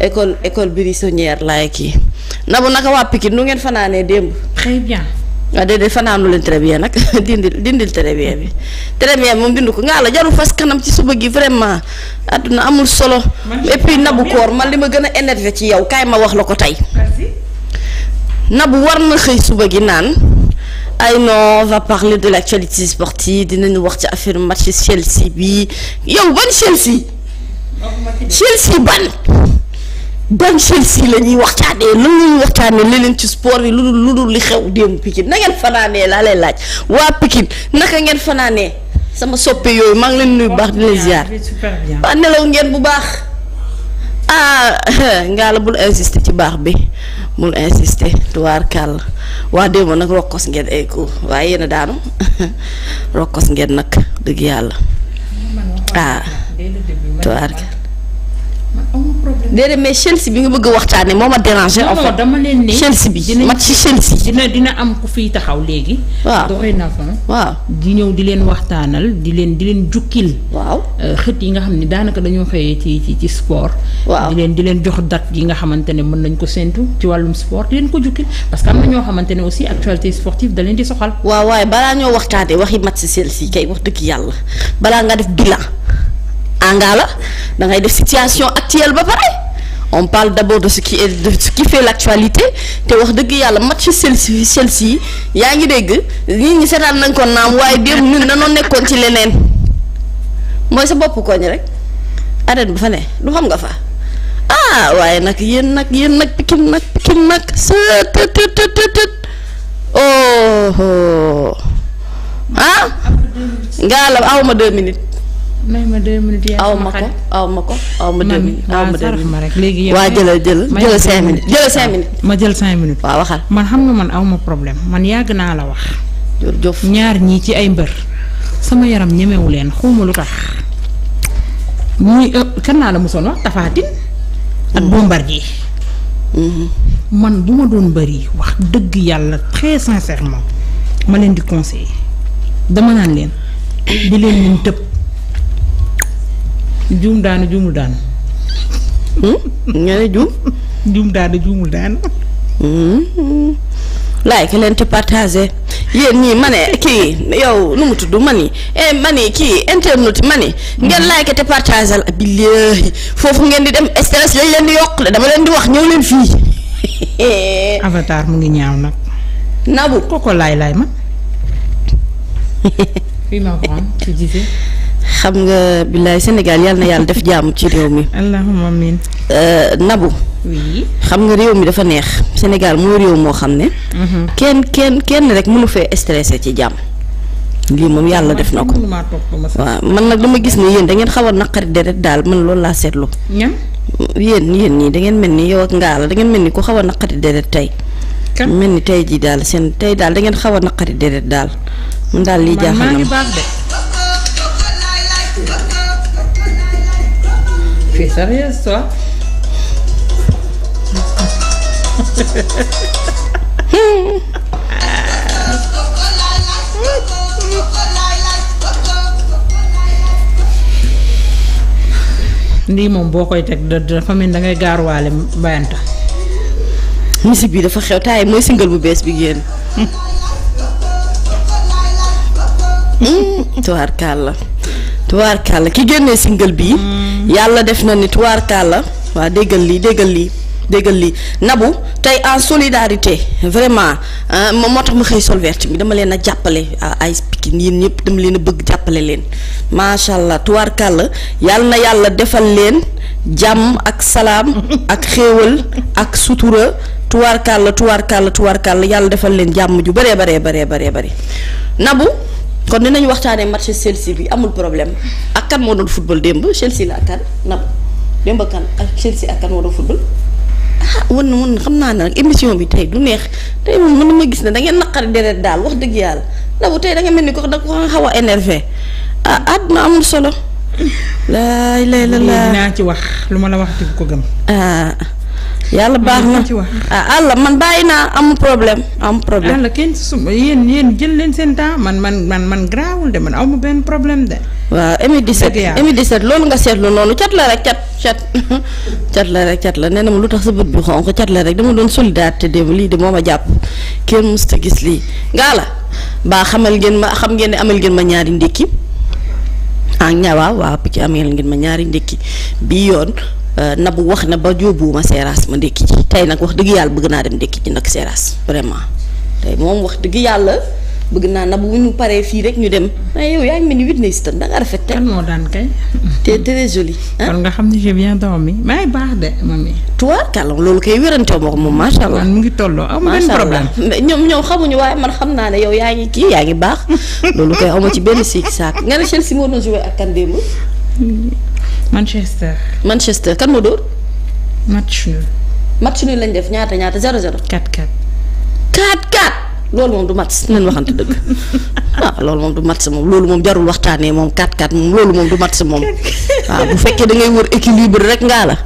école école buissonnière laay kii na bu naka waa Pikine nu ngeen fanaanee démb. très bien. waaw ah, déedéet fanaanu leen très nag dindil dindil très bi très bien moom dindu ko ngaa la jarul fas kanam ci suba gi vraiment àdduna amul solo. et puis nabu koor man li ma gën a énervé ci yow kaay ma wax la ko tey. nabu war na xëy suba gi naan. ay non on va parler de l'actualité sportive dinañu wax ci affaire match Chelsea bi yow ban Chelsea. Chelsea ban. ban Chelsea la ñuy waxtaanee lan la ñuy waxtaanee leen ci sport bi lu dul lu dul li xew démb Pikine na ngeen fanaanee laa lay laaj waa Pikine naka ngeen fanaanee sama soppe yooyu maa ngi leen nuyu baax di leen ziar waa nelaw ngeen bu baax ah ngaa la bul insister ci baax bi bul insister tuwaar kàll waa démb nag rokkos ngeen ay eh, ko waaye yéen a daanu rokkos ngeen nag dëgg yàlla ah tuwaar kàll problème déedéet mais Chelsea bi nga bëgg waxtaanee moo ma déranger. en fait dama leen ne Chelsea bi match ci Chelsea. dina dina am ku fiy taxaw léegi. waaw dorénavant waaw di ñëw di leen waxtaanal di leen di leen jukkil. waaw euh, xët yi nga xam ne daanaka dañoo xëyee ci ci ci sport. waaw di leen di leen jox date yi nga xamante ne mën nañ ko séntu ci wàllum sport di leen ko jukki parce que am na ñoo xamante ne aussi actualité sportive da leen di soxal. waaw waaye balaa ñoo waxtaanee waxi si Chelsea kay wax dëgg yàlla balaa nga def bilan. anga la da ngay def situation actuelle ba pare on parle d'abord de ce qui est de ce qui fait l'actualité te wax dëgg yàlla match Chelsea Chelsea yi yaa ngi dégg nit ñi seetaan nañ ko naam waaye démb ñun dañoo nekkoon ci leneen mooy sa bopp koñ rek arène bu fa ne lu xam nga fa ah waaye nag yéen nag yéen nag Pikine nag nag sa tët tët tët tët oh, oh. ah? awma deux minutes. may ma deux minutes aw ma ko aw ma ko aw ma deux minutes aw ma deux rek léegi yow waa jëlal jëlal jëlal cinq minutes jëlal cinq ma jël cinq minutes waaw waxal man xam na man aw ma problème man yàgg naa la wax ñaar ñii ci ay mbër sama yaram ñemewu leen xawma lu tax muy euh, kan naa la mosoon wax Tapha Tine ak mm-hmm. Bombardier mm-hmm. man bu ma doon bëri wax dëgg yàlla très sincèrement ma leen di conseiller dama naan leen di leen ñun tëb juum daanu jumul daanu. Hmm? nga ne juum. juum daanu juumul daanu. Hmm? like leen te partager yéen ñii ma kii yow nu mu tudd ma ni eh ma kii internet ma ni ngeen hmm. like te partager la billahi foofu ngeen di dem stress lañ leen di yokk de dama leen di wax ñëw leen fii. avatar mu ngi ñaaw nag. nabu koko laay laay ma. xam nga billaay Sénégal yàlla na yàlla def jàmm ci réew mi. allahumma amiin. Euh, Nabu. oui xam nga réew mi dafa neex Sénégal mooy réew moo xam ne. Mhm. kenn kenn kenn rek mënu fee stressé ci jàmm. lii moom yàlla def na ko waaw man nag dama gis ne yéen da ngeen xaw a naqari deret daal mën lool laa seetlu. ñam yéen yéen ñii da ngeen mel ni yow ak ngaa la da ngeen mel ni ku xaw a naqari deret tey. mel ni tey jii daal seen tey daal da ngeen xaw a naqari deret daal. man daal lii jaaxal na ma Tu lii moom boo koy teg dafa mel da ngay gaaruwaale Mbayanta. musique bi dafa xew taay mooy single bu bees bi génn. Hmm, tuwaarkaal la. tubaarkàlla ki génnee single bii. Mm. yàlla def na ni tubaarkàlla waa déggal li déggal lii. déggal lii Nabou tey en solidarité vraiment euh, moo tax ma xëy sol bi dama leen a jàppale ay Pikine yéen ñëpp dama leen a bëgg jàppale leen macha allah tubaarkàlla yàlla na yàlla defal leen jàmm ak salaam ak xéewal ak sutura tubaarkàlla tubaarkàlla tubaarkàlla yàlla defal leen jàmm ju bëree baree baree baree bëri Nabou kon dinañ waxtaanee match Chelsea bi amul problème ak kan moo doon football démb Chelsea la ak kan nab démb kan ak Chelsea ak kan moo doon football ah wan na wan xam naa ne nag émission bi tey du neex tey moom mën na ma gis ne da ngeen naqari deret daal wax dëgg yàlla nabu tey da nga mel ni ko da ko xaw a énervé ah àdduna amul solo. laay lay la laa dinaa ci wax lu ma la wax di ko gëm. Ah. yàlla baax na ah àlla man bàyyi naa am problème am problème. àlla kenn su yéen yéen jël leen seen temps man man man man garaawul de man aw ma benn problème de. waaw émi 17 émi 17 loolu nga seetlu noonu cat la rek cat cat cat la rek cat la nee na ma lu tax sa bët bi xonq cat la rek dama doon solidarité démb lii de moo ma jàpp kenn musta gis lii ngaa la baa xamal ngeen ma xam ngeen ne amal ngeen ma ñaari ndékki ah ña waaw waaw ci amal ngeen ma ñaari ndékki bii yoon. Euh, Nabou wax na ba yóbbuwuma Seras ma ndékki ji tey nag wax dëgg yàlla bëgg naa dem ndékki ci nag Seras vraiment tey moom wax dëgg yàlla bëgg naa na bu ñu paree fii rek ñu dem yow yaa ngi mel ni Whitney Houston da moo daan kay. nga xam ne j'ai bien dormi may baax de mami. tuwaar kàlla loolu kay wérante moo ko moom macha allah. mu ngi tolloo amul benn problème ñoom ñoom xamuñu waaye man xam naa ne yow yaa ngi kii yaa ngi baax loolu kay amoo ci benn sikki saak nga ne Chelsea moo doon joué ak kan démb Manchester. Manchester kan moo dóor. match nul. match nul lañ def ñaata ñaata 0-0. 4-4. 4-4. loolu moom du match nañ waxante dëgg waaw ah, loolu moom du match moom loolu moom jarul waxtaanee moom 4-4 moom loolu moom du match moom waaw ah, bu fekkee da ngay wër équilibre rek ngaa la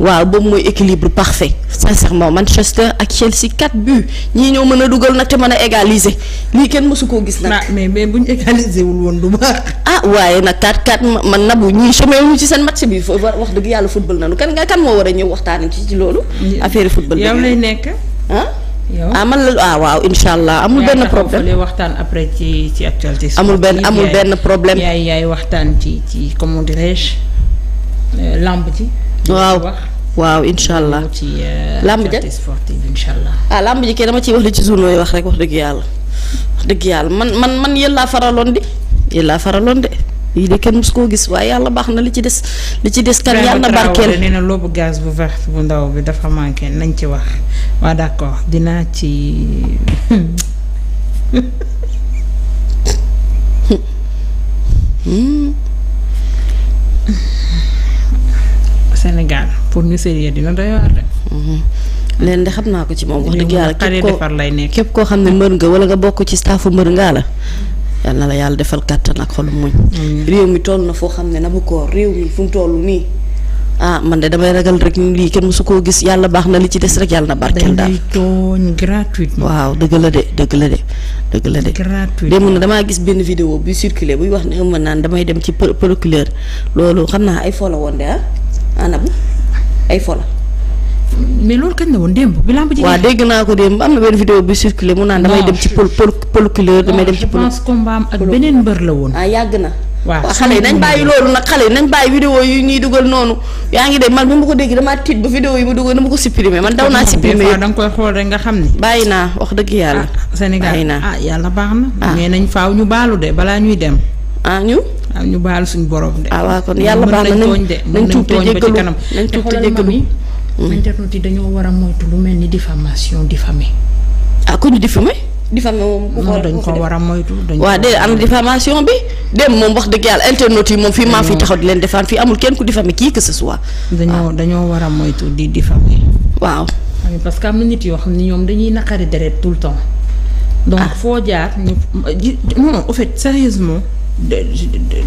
waaw boobu mooy équilibre parfait sincèrement Manchester ak Chelsea 4 buts ñii ñoo mën a dugal nag te mën a égaliser lii kenn mësu koo gis nag. Ah, mais mais buñ égaliser wul woon du baax. ah waaye nag 4-4 man nabu ñii chômé wuñu ci seen match bi wax dëgg yàlla football nanu kan nga kan moo war a ñëw waxtaan ci ci loolu. affaire football yow lay nekk ah. ah man la ah waaw incha allah amul benn problème waxtaan après ci ci actualité. amul benn amul benn problème yaay yaay waxtaan ci ci comment dirais-je euh, lamb ji. waaw waaw incha allah ci euh, lamb ji sportive incha allah. ah lamb ji kay dama ci wax li ci journaux yi wax rek wax dëgg yàlla wax dëgg yàlla man man man yéen laa faraloon di yéen faraloon de. lii de kenn mës koo gis waaye yàlla baax na li ci des li ci des kan yàlla barkeel nee na loobu bu vert bu ndaw bi dafa manqué nañ ci wax waa d'accord dinaa ci Sénégal pour ñu sérieux dina doy waar de mhm. leen de xam naa ko ci moom wax dëgg yàlla képp koo képp koo xam ne mbër nga wala nga bokk ci staffu mbër ngaa la yal la yàlla defal kàttan ak xolu muñ réew mi toll na foo xam ne nabu bu koor réew mi fu mu toll nii ah man de damay ragal rek ñu lii kenn su koo gis yàlla baax na li ci des rek yàlla na barkeel daal tooñ gratuitement waaw dëgg la de dëgg la de de gratuitement démb na damaa gis benn video bi circulé buy wax ne ëmb naan damay dem ci procureur loolu xam naa ay fola woon de ah anabu ay fola mais loolu kañ la woon démb bi lamb ji. waaw dégg naa ko démb am na benn vidéo bi circulé mu naan damay dem ci pol procureur damay dem ci. pol je pense combat am ak beneen mbër la woon. ah yàgg na. waaw xale yi nañ bàyyi loolu nag xale yi nañ bàyyi vidéo yi ñuy dugal noonu yaa ngi de man bi ma ko dégg damaa tiit ba vidéo yi mu dugal dama ko supprimer man daw naa supprimer yëpp da nga koy xool rek nga xam ni bàyyi naa wax dëgg yàlla ah, ah, Sénégal ah yàlla baax na ah. mais nañ faaw ñu baalu de balaa ñuy dem ah ñu ah ñu baalu suñu borom de ah waa kon yàlla baax na nañ tuub te jéggalu nañ tuub te jéggalu Mm. internautes yi dañoo war a moytu lu mel ni diffamation diffamé ah ku ñu diffamé diffamé moom. ku ko dañ ko war a moytu. dañ ko waaw de am diffamation bi dem moom wax dëgg yàlla internautes yi moom fii maa fi taxaw di leen defaan fii amul kenn ku diffamé kii que ce soit. dañoo ah. dañoo war a moytu di diffamé. waaw. Ah, parce que am na nit yoo xam ne ñoom dañuy naqari deret tout le temps. donc ah. foo jaar ñu. non non en fait sérieusement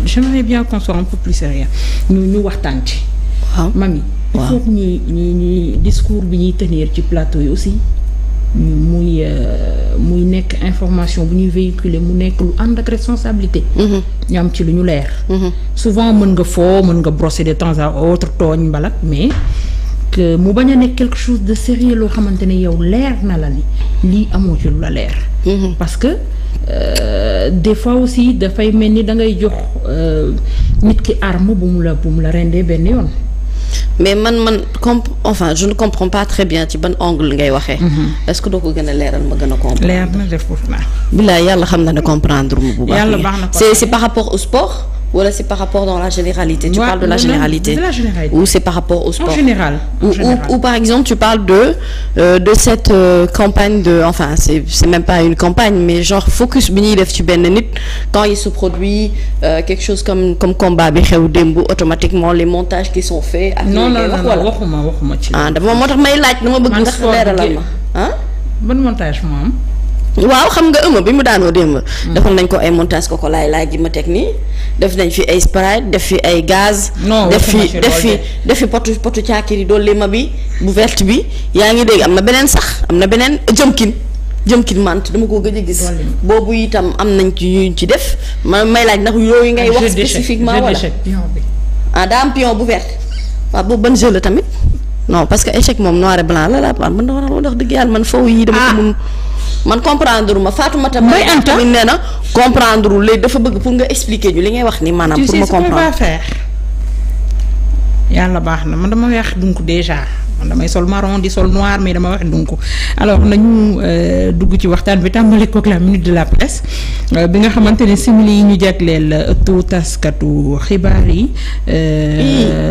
j'aimerais bien qu'on soit un peu plus sérieux ñu ñu waxtaan ci. waaw mami il faut que ñuy ñuy discours bi ñuy tenir ci plateau yi aussi muy euh, muy nekk information bu ñuy véhiculer mu nekk lu ànd ak responsabilité. Mhm. ñu am ci lu ñu leer. Mhm. souvent mën nga foo mën nga brosser de temps à autre tooñ mbalak mais que mu bañ a nekk quelque chose de sérieux loo xamante ne yow leer na la ni lii amoo ci lu la leer. Mhm. parce que euh, des fois aussi dafay mel ni da ngay jox euh, nit ki arme bu mu la bu mu la rendee benn yoon. mais man man comme enfin je ne comprends pas très bien ci ban angle ngay waxee. Mhm. est-ce que doo ko gën leeral ma gën comprendre. leer na def foofu naa. bilaay yàlla xam na ne comprendre mu bu baax. yàlla baax na c'est c'est par rapport au sport. wala c'est par rapport dans la généralité tu ouais, parles de la non, généralité ou c'est par rapport au sport ou, par exemple tu parles de euh, de cette euh, campagne de enfin c'est c'est même pas une campagne mais genre focus bi ñuy def ci benn nit quand il se produit euh, quelque chose comme comme combat bi xew démb automatiquement les montages qui sont faits ak non non non waxuma waxuma ci ah dama moo tax may laaj dama bëgg nga leeralal ma ah ban montage moo am waaw xam nga ëmb bi mu daanoo démb. Mm. defoon nañ ko ay montage ko ko laay laay gi ma teg nii def nañ fi ay sprite def fi ay gaz. def fi def fi def fi potu potu caakiri dolli ma bi bu vert bi yaa ngi dégg am na beneen sax am na beneen jëmkin jëmkin mant dama ko gëj a gis. boobu itam am nañ ci ñu ci def ma may laaj ndax yooyu ngay wax spécifiquement wala ah daa am pion bu verte waaw boobu ban jeu tamit non parce que échec moom noir et blanc la la man man wax dëgg yàlla man comprendre ma Fatoumata Mbaye Anta tamit nee na wu léegi dafa bëgg pour nga expliquer ñu li ngay wax ni maanaam pour ma comprendre yàlla baax na man dama weex donc déjà man damay sol marron di sol noir mais dama wax donc alors nañu euh, dugg ci waxtaan bi tàmbali kook la minute de la presse euh, bi nga xamante ne simili yi ñu jagleel euh, ëttu taskatu xibaar yi.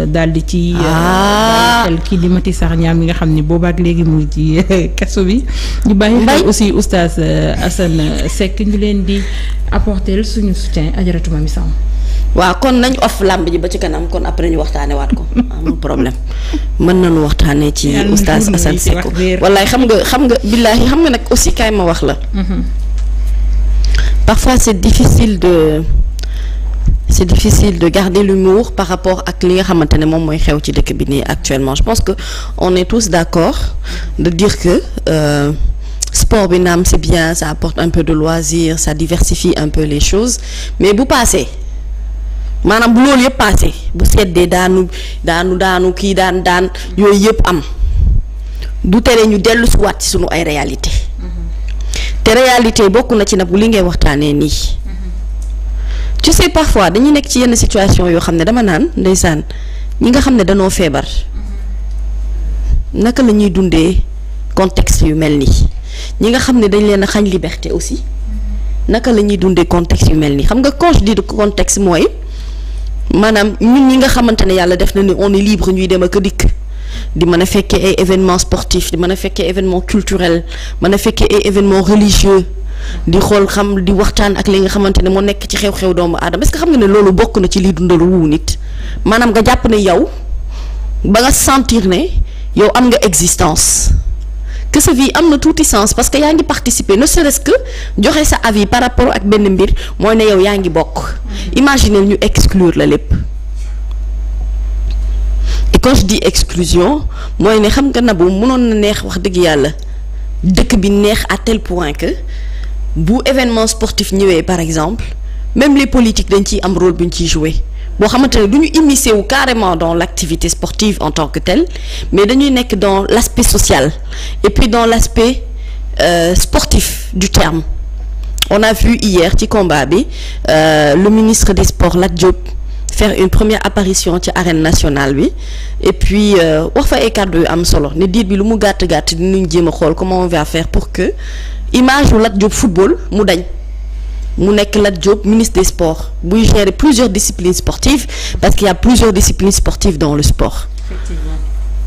daal di ci. Ah. xel kii di Mati Sarr ñaam yi nga xam ne boobaak léegi mu ngi ci keso bi. ñu bàyyi xel aussi oustaz Assane Seck ñu leen di apporter suñu soutien ajaratu Mami Sam waaw kon nañ off làmb ji ba ci kanam kon après ñu waxtaane waat ko amul problème mën nañu waxtaanee ci oustaz Assane Seck wallaay xam nga xam nga billaahi xam nag aussi kaay ma wax la mhm. parfois c'est difficile de c'est difficile de par rapport ak li nga xamante ne moom mooy xew ci dëkk bi nii actuellement je pense que on est tous d'accord de dire que euh, sport bi naam c'est bien ça apporte un peu de loisir ça diversifie un peu les choses mais bu passé maanaam bu loolu yëpp paase bu seddee daanu daanu daanu kii daan daan yooyu yëpp am du tere ñu dellu si waat ci sunu ay réalité mm-hmm. te réalité bokk na ci nag li ngay waxtaanee nii mm-hmm. tu sais parfois dañuy nekk ci yenn situation yoo xam ne dama naan ndeysaan ñi nga xam ne danoo feebar mm-hmm. naka la ñuy dundee contexte yu mel nii ñi nga xam ne dañ leen a xañ liberté aussi naka la ñuy dundee contexte yu mel nii xam nga quand je dis de contexte mooy. maanaam ñun ñi nga xamante ne yàlla def na ni on est libre ñuy dem ak a dikk di mën a fekkee ay événement sportif di mën a fekkee événement culturel mën a fekkee ay événement religieux di xool xam di waxtaan ak li nga xamante ne moo nekk ci xew-xew doomu aadama est-ce xam nga ne loolu bokk na ci liy dundal wu nit maanaam nga jàpp ne yow ba nga sentir ne yow am nga existence que sa vie am na tuuti sens parce que yaa ngi participer ne serait-ce que joxe sa avis par rapport ak benn mbir mooy ne yow yaa ngi bokk imaginez ñu exclure la lépp et quand exclusion mooy ne xam nga nabu mënoon na neex wax dëgg yàlla dëkk bi neex à tel point que bu événement sportif ñëwee par exemple même les politiques dañ ciy am rôle bi ñu ciy jouer boo xamante ne du ñu immiscé wu carrément dans l'activité sportive en tant que telle mais dañuy nekk dans l'aspect social et puis dans l'aspect euh, sportif du terme on a vu hier ci combat bi euh, le ministre des sports Lat Diop faire une première apparition ci arène nationale bi et puis euh, wax fa ay kàddu yu am solo ne diir bi lu mu gàtt gàtt dinañ jéem a xool comment on va faire pour que image yu Lat Diop football mu dañ mu nekk Lat Diop ministre des sports buy gérer plusieurs disciplines sportives parce qu'il y a plusieurs disciplines sportives dans le sport. Effectivement.